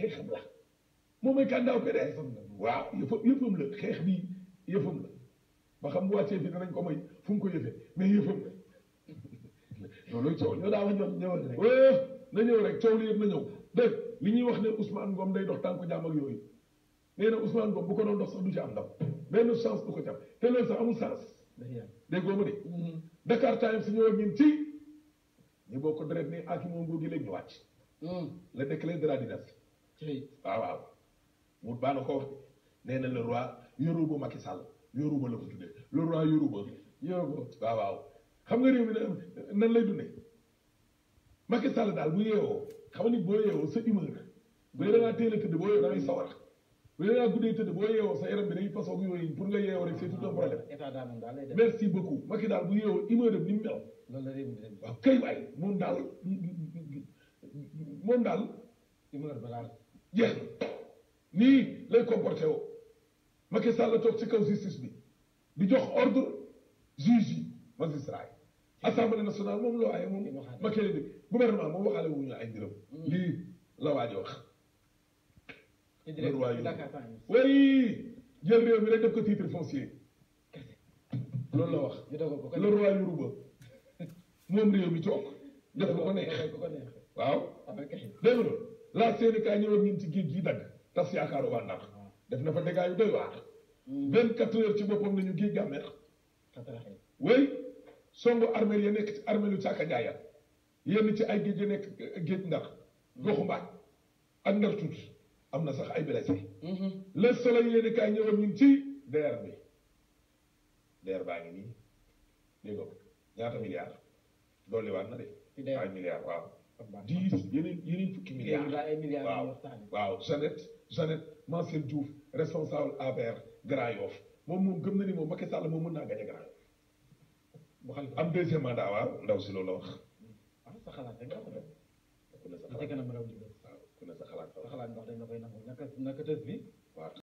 xeexam la moom mooy kàndaaw ke de waaw yëfa yëfam la xeex bi yëfam la ba xam bu wàccee fii danañ ko may fu mu ko yëfee mais yëfam la loolu coow ñoo daa wax ñëwal rek rek coow li yëpp na li ñuy wax ne Ousmane Ngom day dox tànk jàmm yooyu nee na Ousmane Ngom ko doon dox du ci benn chance du ko ci am te loolu sax amul chance dégg nga ma de mm-hmm. Dakar Times si ñëw ak ñun ci ko deret ni ak moom nguur gi waaw waaw mu baa na ko wax nee na le roi yoruba Macky Sall yoruba la ko tuddee le roi yoruba yoruba waaw waaw nga réew mi nan lay dundee Macky Sall daal bu yeewoo xam nga ni boo yeewoo sa humeur bu dee da ngaa teel a tëdd boo yeewoo da ngay sawar bu boo yeewoo sa yaram bi day façon ak yooyu pour nga yeewoo rek c'est tout un problème. état daal moom daal daal bu yeewoo humeur bi ni mu mel. loolu la réew mi waaw kay jeex na nii lay comporté woo Macky Sall toog ci kaw justice bi di jox ordre juge yi magistrat yi assemblée nationale moom loo aye ay njërëm mm. lii la waaji wax waay wari jël réew mi rek def ko foncier loolu la wax le roi Yoruba mi toog def lu waaw ah, dégg la Sénégal ñëwoon ñun ci géej gi dagg tas yaakaaru waa Ndar def na fa dégâts yu doy waar. 24 mm. heures ci boppam nañu géej ga mer. way songu armée ya nekk ci armée lu caaka jaaya yenn ci ay géej ya nekk géej Ndar goxu mbaaj ak Ndar tuuti am na sax ay blessé. Mm-hmm. le soleil yéen kaay ñëwoon ñun ci deer bi deer baa ngi nii dégg nga ñaata milliards dolliwaat na de. ay milliards waaw. dix yeneen yeneen fukki milliards waaw waaw Jeannette Jeannette Mancel Diouf responsable APR Grand Yoff moom moom gëm na ni moom Macky Sall moom mën naa gañe Grand Yoff am deuxième mandat waaw ndaw si loolu la wax ah, sa xalaat rek ku ne sa xalaat waaw ku ne sa xalaat sa xalaat ndax dañ la koy nangu naka naka tës bi